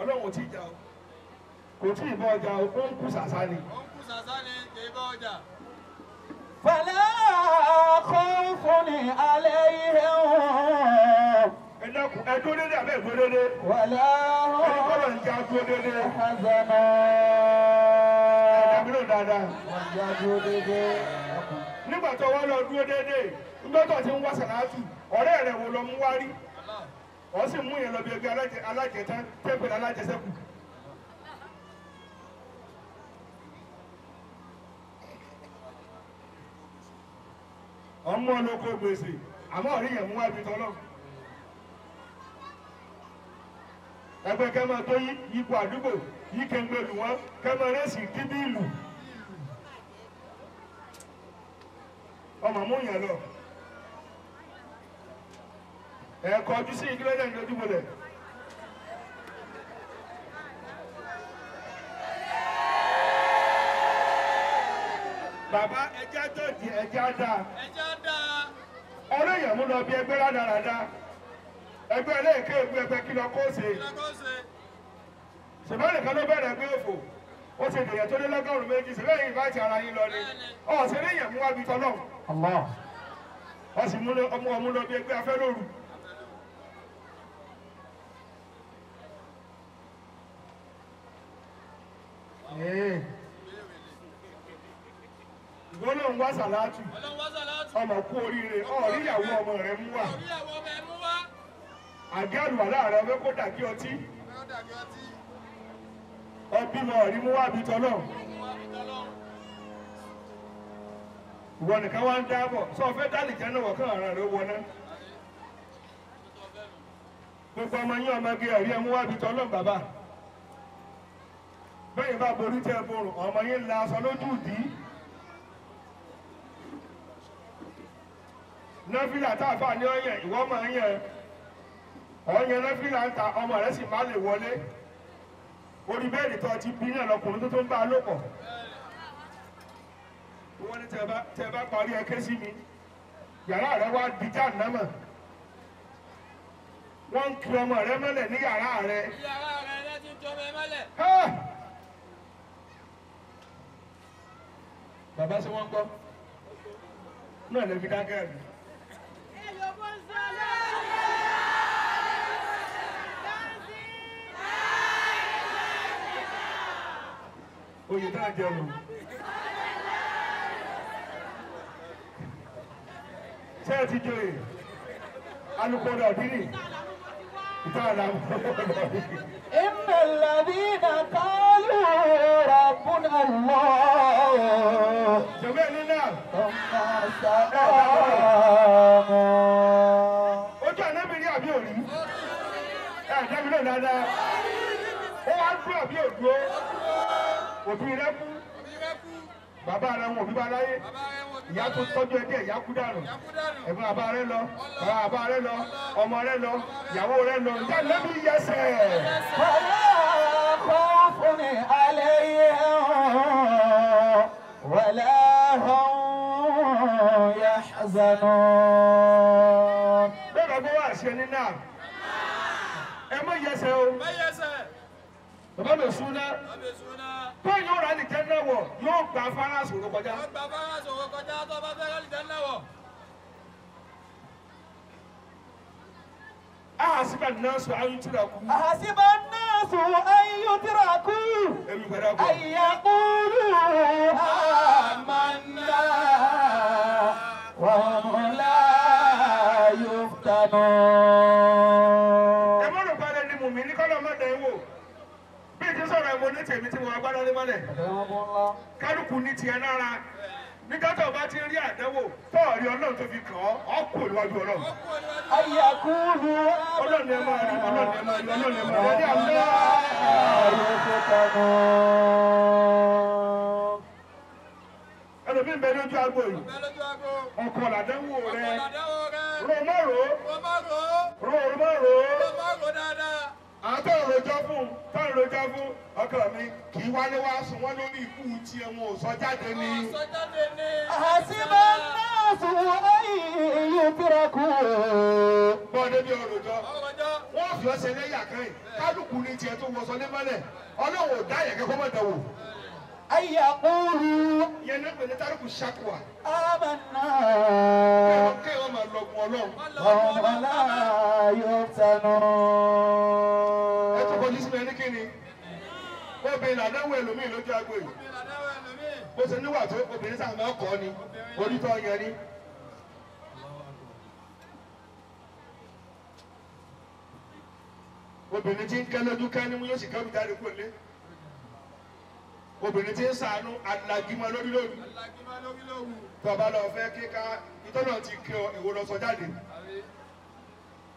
A: ọlọ́run ò tí ì kò tí ì bọ́ ọjà ó ń kú sàṣà ni. ó
B: ń kú sàṣà ni kì í bọ́ ọjà.
A: fala khawfun alayhim. ẹ dákun ẹ dúró dédé àbẹ́ ìgbó dédé. wàlá ọ̀hún. ẹni kọ́lọ̀ ń já dúró dédé. hazana. ẹ dáadáa. wọ́n já dédé. nígbà tó wá lọ dúró dédé gbọ́dọ̀ ti ń wá sàlátù ọ̀rẹ́ rẹ̀ wò lọ mú wá rí. mú yẹn lọ bí ẹgbẹ́ alájẹta tẹ́pẹ̀lẹ́ alájẹsẹ́kù. ọmọ olóko gbèsè àmọ́ ọ̀rí yẹn mú wá ibi tọ́lọ́ ẹgbẹ́ kẹ́mọ́ tó yí ipò àdúgbò yí kéńgbé lù wọ́n kẹ́mọ́ rẹ́sì kíbi ìlú ọmọ mú yẹn lọ ẹ̀kọ́ ojú sí ìdílé náà ní ojúbọ̀lẹ̀. bàbá ẹjẹ́ àjọ̀dì ẹjẹ́ àdá. ẹjẹ́ àdá. ọ̀rẹ́ èèyàn mú lọ bí ẹgbẹ́ rádaràda ẹgbẹ́ ẹlẹ́ẹ̀kẹ́ ìgbẹ́ ẹgbẹ́ kí kó ṣe. ṣèbá nìkan ló bẹ̀rẹ̀ ẹgbẹ́ òfò ó ṣe dèyàn tó dé lọ́gọ́rùn-ún méjì ṣèbá yìí bá ti ara yín lọ ni ọ̀sẹ̀ lẹ́yìn mú wábi tọ́lọ̀ ọ̀sìn mú ọmú lọ bí ẹgbẹ́ afẹ́ lóru. Yeah olóhùn wá sàlátù ọmọ kú oríire ọ̀rí ìyàwó ọmọ rẹ mú wá àgé àlùwàlá rẹ wé kó dàgé ọtí ọbí mọ ọ̀rí mú wá bitọ náà ìwọ nìkan wá ń dáàbọ̀ sọ fẹ́ dálì jẹ́ náà wọ̀kàn ara rẹ wọná gbogbo ọmọ yín ọmọge ọ̀rí ẹ mú wá bitọ náà bàbá bẹ́ẹ̀ bá borí tẹ́ borùn ọmọ yín la aṣọ lójú ìdí. nọ́fìlà tá a fà ní ọ̀yàn ìwọ máa ń yàn ọ̀yàn nọ́fìlà ń ta ọmọ rẹ sì má lè wọlé orí bẹ́ẹ̀ni tó ti bí náà lọkùnrin tó tó ń bá a lò pọ̀ wọ́n ní tẹ́ bá parí ẹ ké sí mi yàrá rẹ wá di jáànámọ̀ wọ́n ń kí ọmọ rẹ mọ́lẹ̀ ní yàrá rẹ. yàrá rẹ lẹ ti jọ mi mọ́lẹ̀. bàbá ṣe wọ́n gbọ́ náà lè fi dákẹ́ mi.
B: Who you think of him?
A: Charity Joy. Alukoda Didi. إن الذين قالوا
B: ربنا الله ثم استقاموا
A: náà dáadáa ó wá dúró àbí òdúró òbí rẹ kú bàbá rẹ wọn òbí bá láyé ìyá tó tọ́jú ẹdí ẹ̀yá kú dànù ẹ̀gbọ́n bàbá rẹ lọ bàbá rẹ lọ ọmọ rẹ lọ ìyàwó rẹ lọ ìjà lẹ́bí yẹsẹ̀. ọlọ́kọ̀ fún mi alẹ́ yẹ wọlé ọ̀hún yẹ zanú. bẹ́ẹ̀ bá gbọ́ wá àṣẹ ní náà ẹ má yẹsẹ̀ o. má yẹsẹ̀. bàbá mi sún náà. bàbá mi sún náà. bẹ́ẹ̀ yóò rà ní jẹ́nà wọ̀ yóò gba afárá ṣòro kọjá. yóò gba afárá ṣòro kọjá tó bá fẹ́ rà ní jẹ́nà wọ̀. ahasiba nnasu ayutiraku. ahasiba nnasu ayutiraku.
B: emi gbẹdẹ ko. ayakulu amanna wàhùn.
A: tèmi tí mo wá gbádọ́ lé mọ́lẹ̀. kálukú ní tiẹ̀ nára nígbà tó o bá ti rí àdánwò fọ́ọ̀rí ọlọ́run tó fi kàn ọ́ ọkọ̀ olùwájú ọlọ́run. ayé kúrú ọlọ́run ẹ máa rí ọlọ́run ẹ máa rí ọlọ́run ẹ máa rí àlọ́. ẹlòmíín bẹ lójú agbo yìí ọkọ̀ làdánwò rẹ rọmọ́rò rọrọ fún un táwọn rojọ́ fún ọkọ mi kì í wálé wá sùn wọ́n lórí ikú tí ẹ̀wọ̀n ò sọ jáde ni. àṣìbá náà
B: sùn lẹ́yìn èyí fúrakú. bọ́ọ̀dé
A: bí ọ̀rọ̀jọ́ wọ́n fi ọ̀sẹ̀ lẹ́yà kan yìí kálukú ní tiẹ̀ tó wọṣọ ní mọ́lẹ̀ ọlọ́wọ́ dá yẹ̀kẹ́ kọ́mọ́ dẹ̀wò. ayé àkóòrú. yẹn náà pèlè tárùkù ṣàkùwà.
B: àmàna. kéwọn máa lọgun ọlọ́run. ọmọláyọ̀ tẹnu kí ni obìnrin
A: làdánwò ẹlòmíì lójú agbo yìí bó ṣe níwà tó obìnrin sáà máa kọ́ ni onítọ̀ yẹn ni. obìnrin tí ń kẹ́ lójú kẹ́ ní mú yóò sì kẹ́ òkúta rẹ̀ kó lé obìnrin tí ń sàánú alagimọ lórí lóru
B: tó o bá lọ fẹ́
A: kíka ìtọ́nà ti kí ọ ìwòlọ́sọ jáde.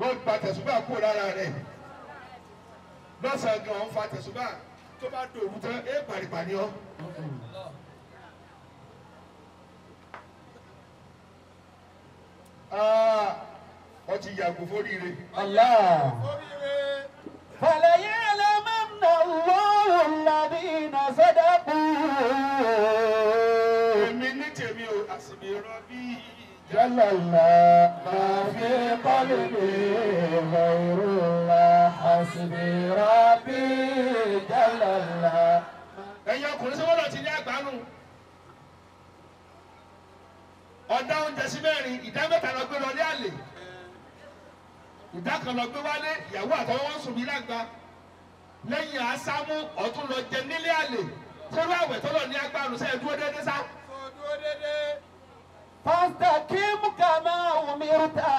A: wọ́n gba tẹ̀sùbà kó lára rẹ̀ lọ́sàn-án gan-an fa tẹ̀sùbà tó bá dòwú tán é pàrìpàrì ọ́. ọ ah, ti yàgò
B: fóríire. Allah. جل الله ما في قلبي غير الله حسبي ربي جل الله
A: ẹ̀yin ọkùnrin sọ́wọ́ lọ ti ní àgbánu ọ̀dá oúnjẹ sí mẹ́rin ìdá mẹ́ta lọ gbé lọ ní àlè ìdá kan lọ gbé wálé ìyàwó àtọwọ́ wọn sùn mí lágbá lẹ́yìn àásámú ọ̀tún lọ jẹ nílé àlè sọ́wọ́ àwẹ̀ tọ́lọ̀ ní àgbánu sẹ́yìn dúró déédéé sá. sọ
B: dúró déédéé
A: fastaqim kama umirta.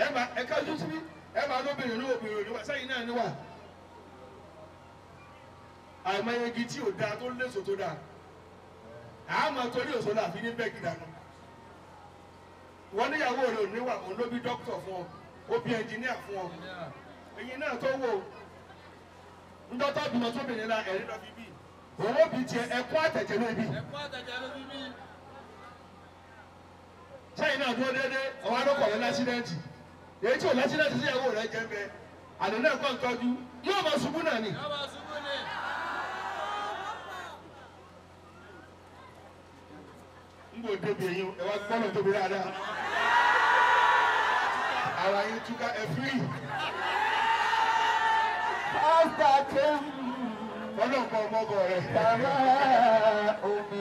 A: ẹ máa ẹ kájú síbí ẹ máa lóbìnrin ní obìnrin òní wa sẹ́yìn náà ni wà. àìmọye igi tí ò dáa tó ń léso tó dáa àmọ́ torí òṣò náà ní bẹ́ẹ̀ gidà nù. wọ́n níyàwó rẹ̀ òní wà dókítà fún ọ ó ẹnjìníà fún ọ ẹ̀yin náà tó wò ó ndọ́tọ́ bímọ tóbi nílá ẹ̀rí lọ bíbí òun ó tiẹ̀ ẹ̀kọ́ àtẹ̀jẹ̀ lóbi.
B: ẹ̀kọ́ àtẹ̀jẹ̀ lóbi bíi
A: sẹ́yìn náà dúró déédéé àwọn arọ́kọ̀ rẹ lásìdẹ́ǹtì èyí tí ò lásìdẹ́ǹtì sí ìyàwó rẹ jẹ́ bẹ́ẹ̀ àná náà kọ́ ń yóò máa ṣubú náà ni. n kò débi èyí ẹ wá gbọ́dọ̀ tóbi dáadáa ara yín túká ẹ firi. pásítà tẹ́ ọlọ́nkọ́ ọmọkọ rẹ̀. bàbá omi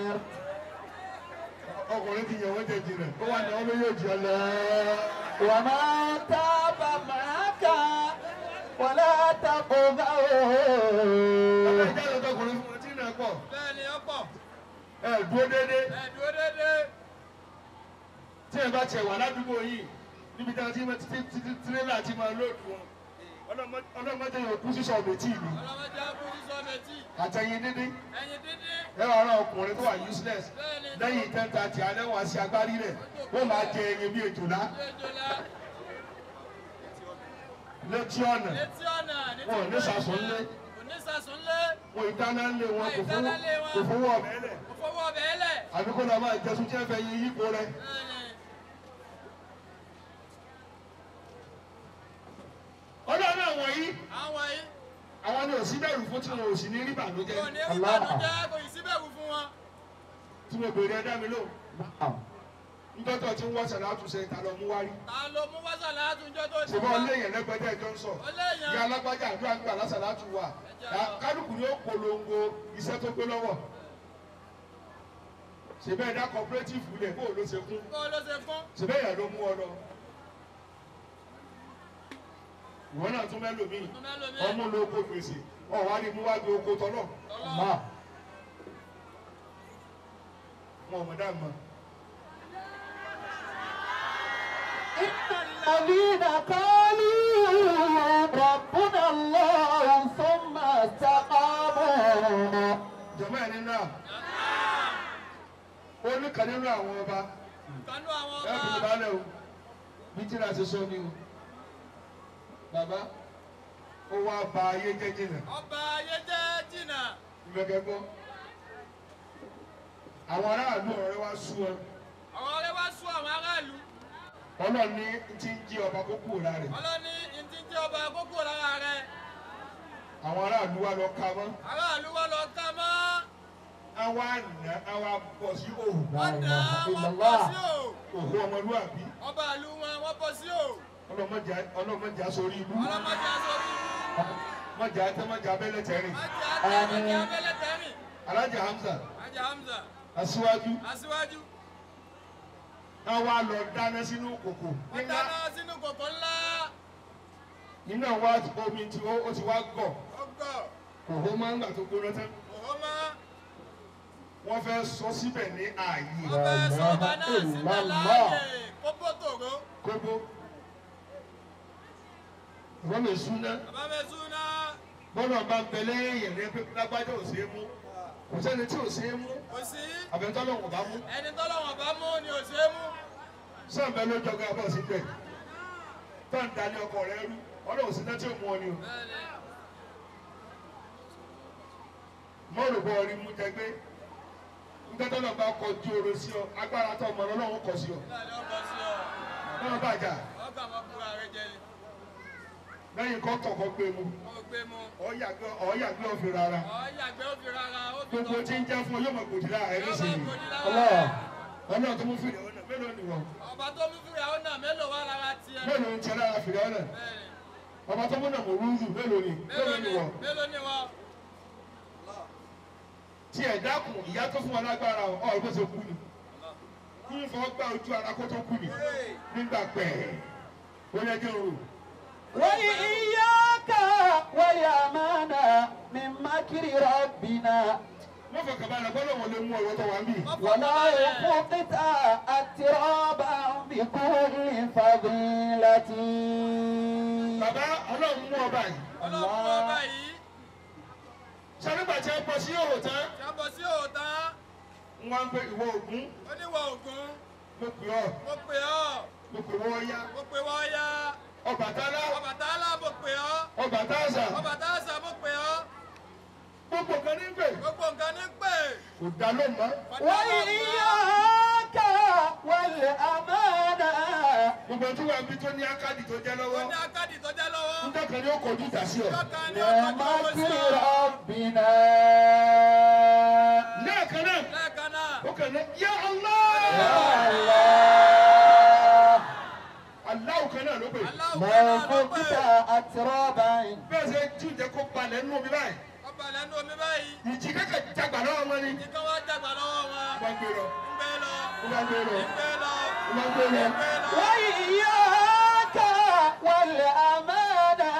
B: ọkùnrin ti yàn wọ́n jẹ jìnnà ó wà ní ọmọ yóò jẹ lọ. wà á máa tá a bá máa kà ta kó bá o.
A: ọmọ ìjà ló tọkùnrin fún ọtí náà pọ̀. bẹ́ẹ̀ni ó pọ̀. ẹ dúró déédéé. ẹ dúró déédéé. tí ẹ bá tiẹ̀ wà ládùúgbò yìí níbi tí a ti ti ti tirẹ́là ti máa lóòdù wọn ọlọ́mọdé yóò kú sísọ mẹ́tì
B: mi àtẹ̀yìn dídín
A: ẹ wà ọkùnrin tó wà useless lẹ́yìn ten thirty alẹ́ wá sí agbárí rẹ̀ wọ́n máa jẹ ẹyin bí ètòlá létí ọ̀nà wọn ò ní sàṣọ ńlẹ̀ wọn ìdáná ńlẹ̀ wọn kò fowó ọ̀bẹ̀ ẹ̀lẹ̀ àbíkó náà máa jẹ́sùn jẹ́fẹ̀ yín yípo rẹ̀. ọlọ́run àwọn yìí àwọn ni ò sí bẹ̀rù fún tí wọn ò sì ní rí bànújẹ́ tí mo bèrè ẹ dá mi lò njọ́tọ̀ tí ń wá sàlátù ṣe ta ló mú wá rí. ta ló mú wá sàlátù njọ́tọ̀ ṣe. ṣùgbọ́n léèyàn lẹ́gbẹ́jẹ́ ìjọ ń sọ. ìyá alágbájá àdúrà ń gbà lásàlátù wa. kálukú ni ó polongo iṣẹ́ tó gbé lọ́wọ́. ṣèbẹ́ ẹ̀dá cooperative lẹ̀ bó ló ṣe kún. bó ló ṣe kún. ṣèbẹ́ ìyá ló mú ọ lọ ìwọ náà tún mẹ́lò míì ọmú ló kó gbèsè ọ̀wá ni mú wá gbé oko tọ́lọ̀ mọ́ wọn ò mọ̀ dáa mọ́.
B: الذين قالوا ربنا الله ثم
A: استقاموا jàmáà nínú àwọn ó ní kan nínú àwọn ọba ẹ kò balẹ̀ o bí tíra ṣe sọ ni o. bàbá ó wá ba ayé jẹ́ jìnnà. ọba ayé jẹ́ jìnnà. ìgbẹ́kẹ̀ gbọ́ àwọn aráàlú ọ̀rẹ́ wá sú ọ. ọ̀rẹ́ wá sú àwọn aráàlú. ọlọ́run ní n ti ń jí ọba kókó lára rẹ̀. ọlọ́run ní n ti ń jí ọba kókó lára rẹ̀. àwọn aráàlú wa lọ ká mọ́. aráàlú wa lọ ká mọ́. àwa nà àwa bọ̀ sí ọba àlú wọn wọn ọlọ́mọdé asorí ibú mọ̀jà tẹ́ mọ̀jà abẹ́lẹ̀ tẹ́rìn alájà Hamza aṣíwájú táwa lọ dáná sínú kòkò ńlá nínú àwọn omi tí ó ti wá gọ̀ kòkó máa ń gbà tó gbóná tán wọ́n fẹ́ sọ síbẹ̀ ní ààyè. wọ́n fẹ́ sọ bá náà síbẹ̀ láàyè kóbó tòró. kóbó wọ́n bẹ súná bọ́lá bá bẹ lẹ́yìn pé lágbájá ò ṣeé mú kò sẹ́ni tí ò ṣeé mú àbẹ̀ntọ́lọ́wọ̀n bá mú. ẹni tọ́lọ́wọ̀n bá mú ni ò ṣeé mú. sọ́ọ̀n ló jọgọ abọ́ sí bẹ́ẹ̀ tó ń dalé ọkọ rẹ rú ọlọ́run sí náà tí ò mú ọ ni o. mọ́rùbọ̀ rí mú jẹgbẹ́ ntẹ́tọ́lọ́ bá kọ ju oró sí ọ agbára tó ọmọ ọlọ́run kọ sí ọ.
B: ọlọ́run
A: lẹ́yìn kan tọ̀kọ́ gbé mu ọ̀yàgbé òfin rárá gbogbo tí ń jẹ́ fún ọ yóò mọ̀ gòdì láàrẹ nísìnyí ọlọ́ọ̀ ọlọ́ọ̀ tó mú fìdí ọ̀nà mélòó ni wọ́n. ọba tó mú fìdí ọ̀nà mélòó wà lára tiẹ̀. mélòó ń tẹ lára fìdí ọ̀nà ọba tó mú nà mọ̀ wúlù mélòó ni mélòó ni wọ́n. mélòó ni wọ́n. tí ẹ̀ dákun ìyá tó fún wọn lágbára ọ̀ ọ̀ bó ṣe kú ni kí n fọ́ gbá ojú ara kó tó kú ni nígbà pẹ̀ẹ́ ó yẹ kí n rò. وإياك والأمانة من مكر ربنا ولا يفقد التراب بكل فضيلة Bàbá tí a bọ̀ sí òhò tán. Tí a bọ̀ sí òhò tán. Wọ́n pe ìwọ Ògún. Ó ní ìwọ Ògún. Mo pè ọ́. Mo pè ọ́. Mo pè wọ́ Mo pè wọ́ Ọbàtálá. Ọbàtálá mo pè ọ́. Ọbàtáàṣà. Ọbàtáàṣà mo pè ọ́. Gbogbo nǹkan ní pè. Gbogbo nǹkan ní pè. Kò dá ló mọ́. Wọ́n yíyá ká wọlé àmọ́nà. Gbogbo tí wàá bí tó ní ákádì tó jẹ́ lọ́wọ́. ní ákádì tó jẹ́ lọ́wọ́. Nígbà kan ni ó kọjú ìjà sí ọ. Nígbà kan ni ó kọjú Lẹ́ẹ̀kan náà. Lẹ́ẹ̀kan náà. Ó kàn ní Yá Allah. pè. mọ̀ọ́kọ́ kíkà àtìrọ́bà yìí. bẹ́ẹ̀ ṣe jù jẹ́ kó balẹ̀ nù mí báyìí. kó balẹ̀ nù mí báyìí. ìjì kẹ́kẹ́ jagbà lọ́wọ́ wọn ni. ìjì kan wá jagbà lọ́wọ́ wọn. wọ́n gbé lọ. wọ́n gbé lọ. wọ́n gbé lọ. wọ́n yíyá ká wọlé àmàlà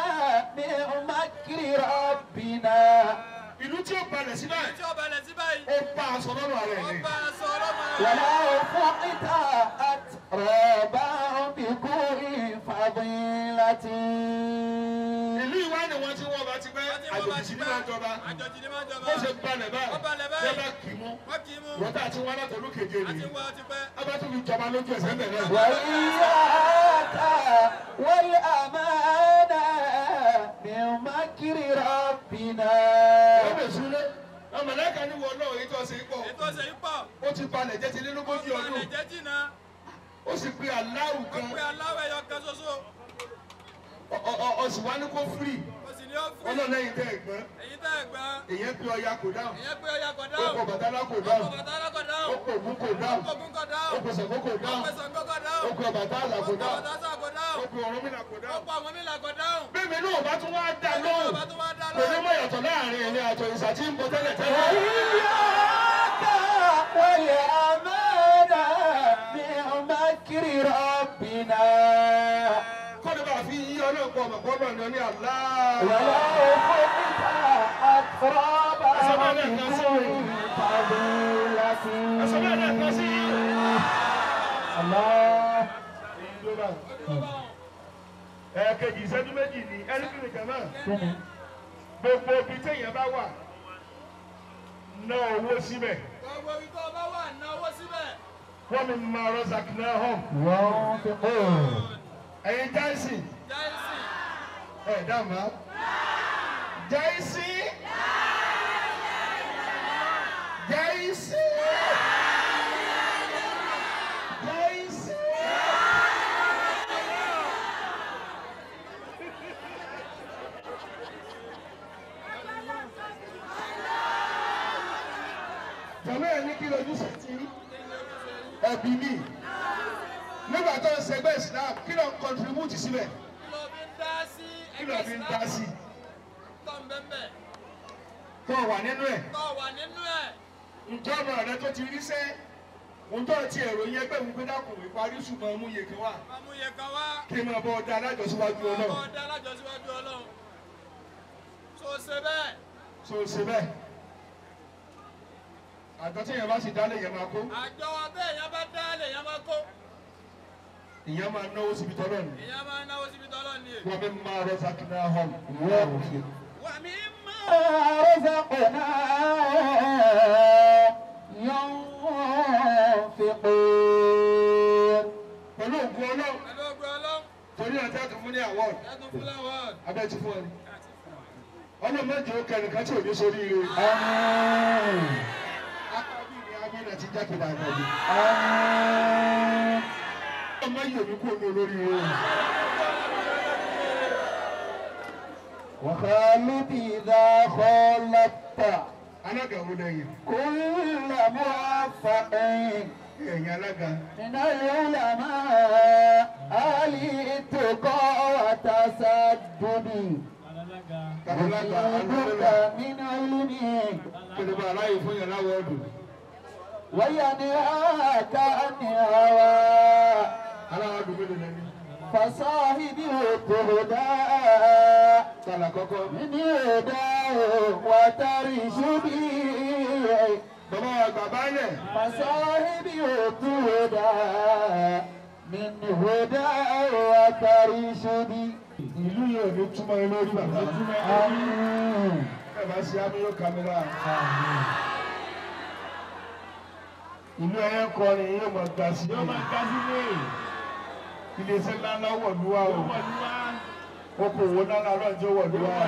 A: mi ò má kiri rọ́bìnà. ìlú tí ó balẹ̀ sí báyìí. tí ó balẹ̀ sí báyìí. ó bá a sọ lọ́rùn ni. ó bá a sọ lọ́rùn ni ti. ìlú ìwá ni wọ́n ti wọ́n bá ti pẹ́ àjòjì ní máa jọba bó ṣe balẹ̀ báyìí bá kì í mú wọ́n tà ti wọ́n láti olúkèje rè é bá tún fi jọba lójú ẹsẹ̀ bẹ̀rẹ̀. wọ́n yá ká wọ́n yá àmàlà ní mákìrì rọ̀bìnà. wọ́n bẹ̀ súnlé ọmọlẹ́ka ni wọ́n náà ètò ọ̀sẹ̀ ipò ó ti balẹ̀ jẹ́ ti lé lógójì ọdún ó sì pe aláwù kan. ó pe aláwù ẹyọ kan ṣoṣo ọsùn wa ni kò firi ọlọ́run lẹ́yìn tẹ́ ẹ̀gbọ́n èyàn pé ọya kò dáhùn ọkọ̀ bàtálá kò dáhùn ọkọ̀ ògún kò dáhùn ọkọ̀ Ṣàngó kò dáhùn ọkọ̀ Ọbàtálá kò dáhùn ọkọ̀ Ọ̀rúnmìlà kò dáhùn. bẹ́ẹ̀ mi náà bá tún wá dá lóhùn kò ní mọ̀ yàtọ̀ láàrin ẹ̀mí àtọ̀ ìsàtí ń bọ tẹ́lẹ̀ tẹ́lẹ̀. wọ́n yá ká wọ́n yẹ àmẹ́. ọ̀nà ní àlá. Wàlá òkú níta
B: àtúrọ́bà ìkú ìpàdé láti. Ẹ̀sọ́ bẹ́ẹ̀ náà kan sí. Àlá.
A: Ẹ̀ẹ̀kejì ìṣẹ́jú méjì ni ẹ̀ríkìrì jẹ̀mọ́. Gbogbo ibi téèyàn bá wà ná owó síbẹ̀. Gbogbo ibi tó bá wà ná owó síbẹ̀. Wọ́n mi máa rọ́ṣà kìnnà hàn. Wọ́n ti kọ́ ẹ̀yin jáìsì. jáìsì ẹ̀ dàmọ́. Jẹ́sí.
B: Jẹ́sí. Jẹ́sí.
A: Jọ̀mọ́ ẹ̀ ní kí lójúṣe ti ẹ̀bí mi. Nígbà tó ń ṣẹgbẹ́ Islam, kí ló ń contribute síbẹ̀? kí ló fi ń dá sí i. tọ́ ń bẹ́ẹ̀ bẹ́ẹ̀. tọ́ wà nínú ẹ̀. tọ́ wà nínú ẹ̀. ǹjẹ́ ọmọ rẹ tó ti rí sẹ́ òun tó ti ẹ̀rọ yẹn pé òun gbé dákun ìparí ṣùgbọ́n mú yèké wá. mú yèké wá. kí n máa bọ ọ̀dà alájọsíwájú ọlọ́run. máa bọ ọ̀dà alájọsíwájú ọlọ́run. so ṣe bẹ́ẹ̀. so ṣe bẹ́ẹ̀ àjọ tí èèyàn bá sì dálé èèyàn máa kó. àjọ abẹ́ èèyàn bá dálé èèyàn máa kó ìyẹn máa náwó síbi tọ́lọ́ ni. ìyẹn máa náwó síbi tọ́lọ́
B: ni. wọ́n mi máa rọ sakina hàn
A: wọ́n kò fi. wà mí
B: máa rọ sakina yọ̀n fi pé.
A: pẹ̀lú ògùn ọlọ́. pẹ̀lú ògùn ọlọ́. torí àti àtúnfún ní award. àtúnfún ní award. abẹ́ ti fún ọ ni. ọlọ́mọdé ó kẹrin kan tí ò ní sórí ire. akọ́bí ni amínà ti jákèjá àgbọ̀dì
B: ọlọ́run má yẹ̀ mí kó ní olórí o. وخالدي إذا خالدت
A: أنا قولي كل موفق من العلماء علي التقى وتسددي
B: يجيبك
A: من علمي وينهاك عن هواك fasahibi otohoda nini oda watari subi. bàbá bàbá yẹn. fasahibi bi nini oda watari subi. ìlú yẹn ò ní túmọ̀ ẹ lórí bàbá. ẹ bá ṣe amúlò kámẹ́rà. ìlú ẹ̀yẹ kọrin yóò máa gbà sí i. yóò máa gbà sí iléeṣẹ́ ńláńlá wọ̀lúwa o okòwò ńláńlá lọ́jọ́ wọ̀lúwa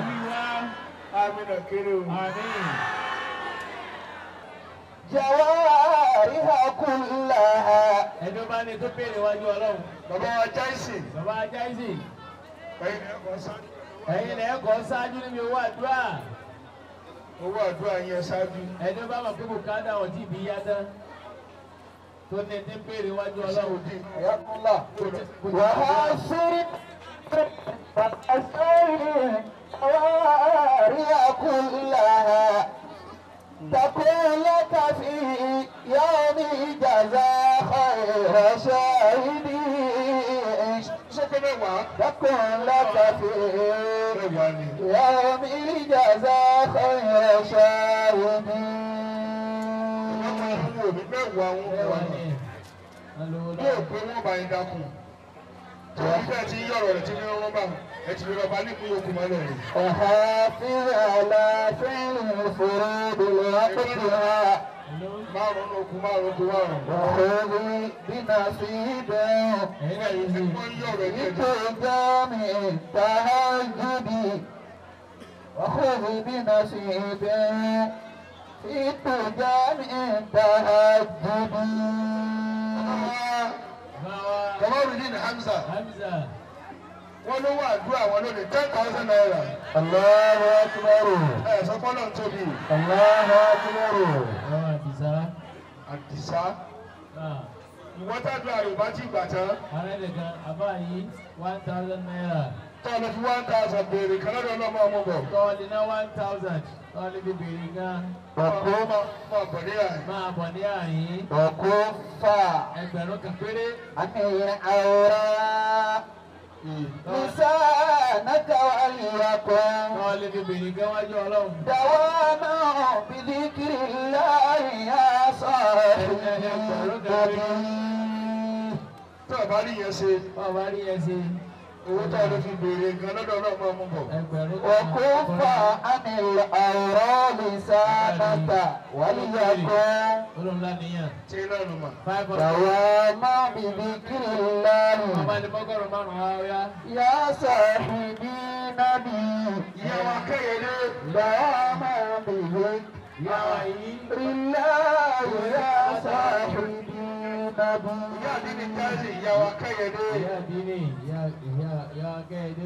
A: amínà kéré o. jawari hakunla. ẹjọ́ bá ní tó béèrè wájú ọlọ́run. bàbá wa jáìsì. bàbá wa jáìsì. ẹ̀yin lẹ́kọ̀ọ́ ṣáájú níbi owó àdúrà. owó àdúrà yẹn ṣáájú. ẹjọ́ bá mọ̀ pé kò ká dáhùn tí ì bí yá tán tó ní ní béèrè wájú ọlọ́run bí. ẹ̀yàkúnlá wà á sórí
B: bàtà sórí wàárí àkúnlá takúnlá káfí yóò ní ìjàzá
A: ọ̀rọ̀ṣẹ́
B: ìdí. takúnlá káfí yóò ní ìjàzá ọ̀rọ̀ṣẹ́ ìdí mẹ́wàá wọn wà ní
A: bí òpè wọn bá yín dákun tí wọn fẹ́ ti yọ̀rọ̀ rẹ̀ bá ẹ ti fi lọ́ba nípò yòókù mọ́ lọ́rùn. ọ̀hà fílẹ̀ ọ̀la fílẹ̀
B: fòrò bìlẹ̀ àpèkìlá. márùn-ún okùn márùn-ún tó wà rùn. ọ̀hún bínà sí ibẹ̀ nípò ìgbàmì tàájú bì. ọ̀hún bínà sí ibẹ̀ ipò jáde ìta àjẹbí.
A: Kamarudin Hamza. Wọ́n ló wà àdúrà wọn lónìí ten thousand naira. Allahu Akbar. Ẹ sọ pé ọlọ́run tóbi.
B: Allahu Akbar. Àwọn
A: ìwọ́n tàdúrà rẹ̀ bá ti gbà tán. ààrẹ nìkan àbá yìí one thousand naira. tọ́ọ̀lù fi one thousand béèrè kan lọ́dọ̀ ọlọ́mọ ọmọ bọ̀. tọ́ọ̀lù ná one thousand tọ́ọ̀lù fi béèrè gan. ọ̀kọ́ máa bọ̀ ní àyín. máa bọ̀ ní àyín. ọ̀kọ́ fà. ẹgbẹ̀rún kan péré. àtẹ̀yìn
B: àwòrán.
A: لسانك وليكن دواما
B: بذكر الله يا صاحبي
A: tó o bá rí yẹn ṣe. tó o bá rí yẹn ṣe. owó tó o lè fi béèrè gan lọ́dọ̀ náà máa mú bọ̀. òkú fa àmì àwòrán lè
B: sá nàta wàlúùyà kan. olóńlá nìyàn.
A: ṣé lọ́rùn mà. bàwá
B: máa mi bí kiri lọ́rùn. ọmọ ẹni
A: mọ́gọ́rùn márùn-ún ọ̀ya.
B: yà á sọ̀rọ̀ bí nábì. ìyá wa kẹ́yẹ̀dé. bàwá máa mi bí.
A: يا عيني بالله يا صاحبي ya dini tazi ya wakayede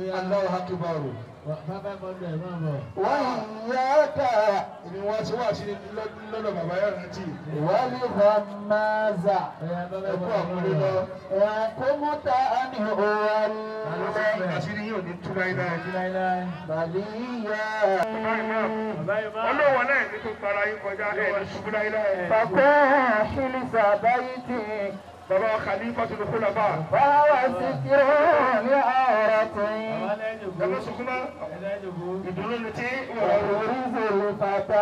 A: ya Allah hatu baru wọ́n yá ká ni wọ́n ti wá sí lọ́dọ̀ bàbá yára rántí. wọ́lì
B: hamaza ẹ̀kú àkúrẹ́ lọ. ẹ̀kúmúta ni òwàlì.
A: àṣírí yóò ní tú láíláí. bàlíyà. olówó náà ní tó para kọjá ẹ̀ ní ṣubú láíláí. bàbá àṣírí sàbáyé tì í bàbá wa kàlí kọ́tù ló kúlọ̀ bá. wàá wá sí kíró ní ọ̀rọ̀ tó yín. ẹgbẹ́ sọkúnmọ́ ìdúró ni tí wọ́n rò ó. ìṣòro fàtà.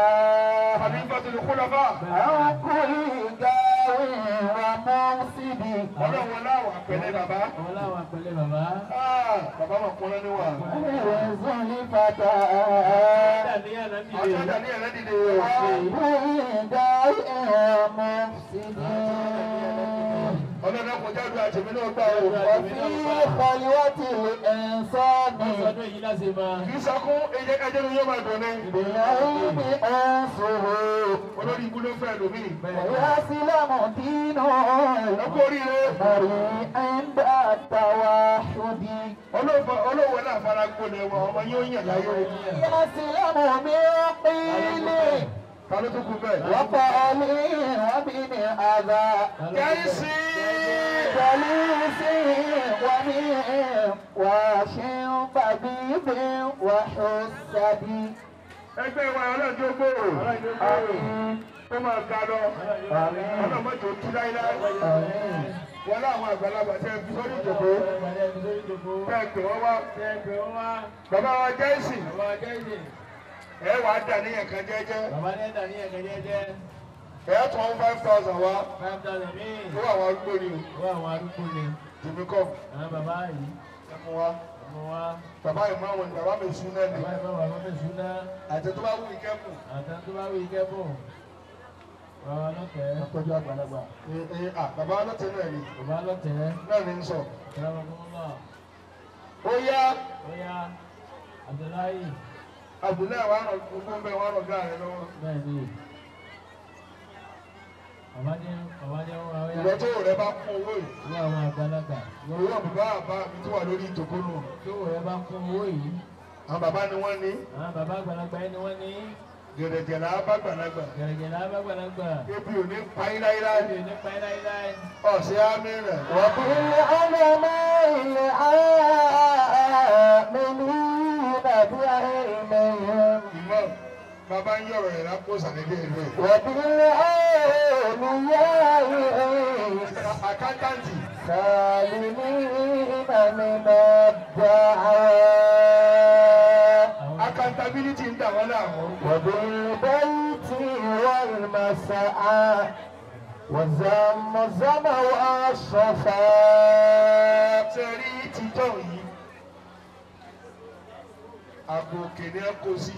A: kàlí kọ́tù ló kúlọ̀ bá. àwọn kúlì gáwé wa mọ́ síbi. ọlọ́wọ́ láwà pẹ̀lẹ́ bàbá. ọlọ́wà pẹ̀lẹ́ bàbá. Ah, bàbá mà kúnlẹ̀ ní wà. ìrẹsùn ní fàtà. ọjọ́ dàní ẹ̀rẹ́ dìde. àwọn kúlì gáwé wa mọ́ síbi ọlọ́dọ̀ kọjá ìlú àtẹ̀mí náà gbà ó. òfin ìkọlíwọ́tì ẹ̀ńsọ́ọ̀nì. ọ̀sọ́dún èyí náà ṣe máa. kì í sọkún ẹjẹ ẹjẹ ló yóò máa dùn ní. ìgbéyàwó mi ẹ̀ ń ṣòro. olórí ikú ló fẹ́ lómi. ẹ̀yà
B: sílámù dínú. ọkọ oríire. mọ̀rí ẹ̀ ń bá
A: tàwa ṣòdì. olówó náà fara gbolẹ̀ wọn ọmọ yóò yàn láyé. ẹ̀yà
B: sílámù mi ò pínlẹ̀ kálótó kú bẹ́ẹ̀. wọ́pọ̀ ọ̀lẹ́ ìrọ̀bì ni àgbà. kẹ́sì. جليسه ومن واشن طبيب وحسبي ẹgbẹ́ wa ọlọ́jọ́
A: gbòòrò ó máa ga lọ ọlọ́mọdé òtún láíláí wọn láwọn àgbàlagbà tẹ fi sórí ìjòkó tẹ pè wọ́n wá bàbá wa jẹ́sì ẹ wàá dà níyàn kan jẹ́jẹ́ ẹ̀yà tó ń five thousand wa tó àwọn arúgbó ni o tèmi kọ́ ẹ̀mú wa bàbá yìí máa wọ̀ ní bàbá mi sún náà ni àti tó bá wù í kẹ́kù. àti tó bá wù í kẹ́kù. bàbá lọ́tẹ̀. akọ́jú àgbàlagbà. ee ee a bàbá lọ́tẹ̀ náà ni. bàbá lọ́tẹ̀. náà ni n sọ. ó yá. ó yá. Abdullahi. Abdullahi wa rọ̀ gbogbo ń bẹ wa rọ̀
B: ìwọ tó rẹ
A: bá kún owó yìí. owó àwọn àgbàlagbà. owó àbúrò àbá mi tó wà lórí ìtòkónú. tó rẹ bá kún owó yìí. àwọn bàbá ni wọ́n ní. àwọn bàbá àgbàlagbà yẹn ni wọ́n ní. gẹ̀rẹ̀gẹ̀ la bá gbàlagbà. gẹ̀rẹ̀gẹ̀ la bá gbàlagbà. ebi ò ní pa yín láyé láyé. ebi ò ní pa yín láyé láyé. ọ̀sẹ̀ àmì rẹ̀. wà á bọ̀. ilé
B: ọmọ ọmọ ilé
A: àmì ní ìbàdí àìmọ̀ bàbá ń yọ̀rọ̀ yẹn lápò
B: sàlẹ́dẹ̀ ìlú ẹ̀. wàbílẹ̀ ẹ̀ẹ́dì yáàyè ẹ̀yìn. àkántàǹtì. sàlùmí ìmàmì máa bá a.
A: accountability ń dà wọ́n láàmú.
B: wàbílẹ̀ bẹ́ẹ̀
A: tí wọ́n máa sà á. وزمزم وصفا تريتي توي أبو كنيا كوزي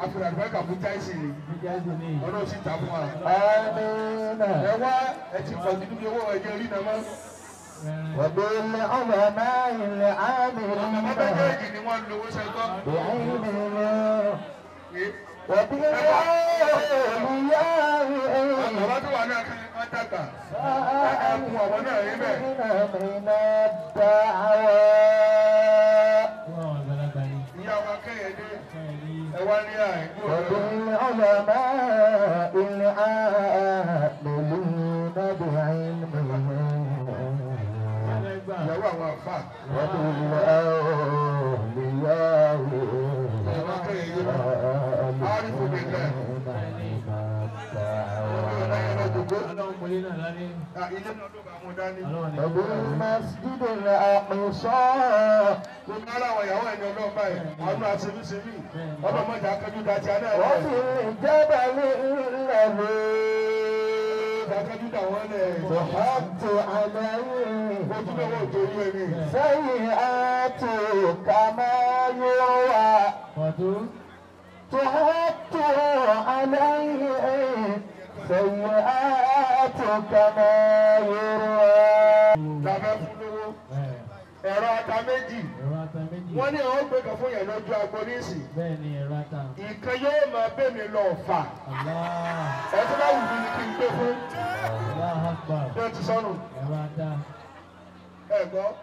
A: àpèrè àgbàkà fún táìsì ni ọlọ́run sì ta fún wa. ẹ wá ẹ ti pàdé níbi owó ẹ̀jẹ̀ rí nàmá.
B: وبين عظماء العاملين بعلمنا وبالأولياء أيضا من الدعوات وبالعلماء العاملين بعلمهم وبالأولياء العارفين
A: Ọ̀gbọ́n Masjid Al-Aqsa. Gbogbo aláwọ̀ ìyàwó ẹni ọlọ́run báyìí, ọdún àṣemíṣemí, ọdún ọmọdé akẹ́jú dàtí alẹ́ rẹ̀. Wọ́n fi ìjábà ní ìrìnlẹ̀ mi. Akẹ́jú dà wọ́n lẹ̀. Sọ̀hátì àlàyé. Ojú lọ́wọ́ òjòrí ẹni. Sẹ́yìn
B: àti kàmáyọ̀ wà. Tòhátì àlàyé. سيئات كما يروى
A: ẹ̀rọ ata méjì wọ́n ní àwọn gbé kan fún yẹn lọ́jọ́ agbo níìsì ìkan yóò máa bẹ̀ mí lọ fà ẹ tó bá wù mí kí n gbé fún
B: bí o ti sọnù ẹ̀gbọ́n.